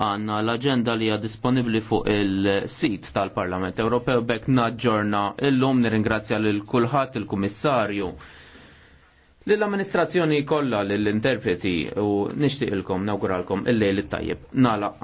għanna l-agenda li hija disponibbli fuq il-sit tal-Parlament Ewropew bekk naġġorna illum nirringrazzja lil kulħadd il-Kummissarju lill-amministrazzjoni kollha lill-interpreti u nixtieqilkom nawguralkom il-lejl it-tajjeb. Nala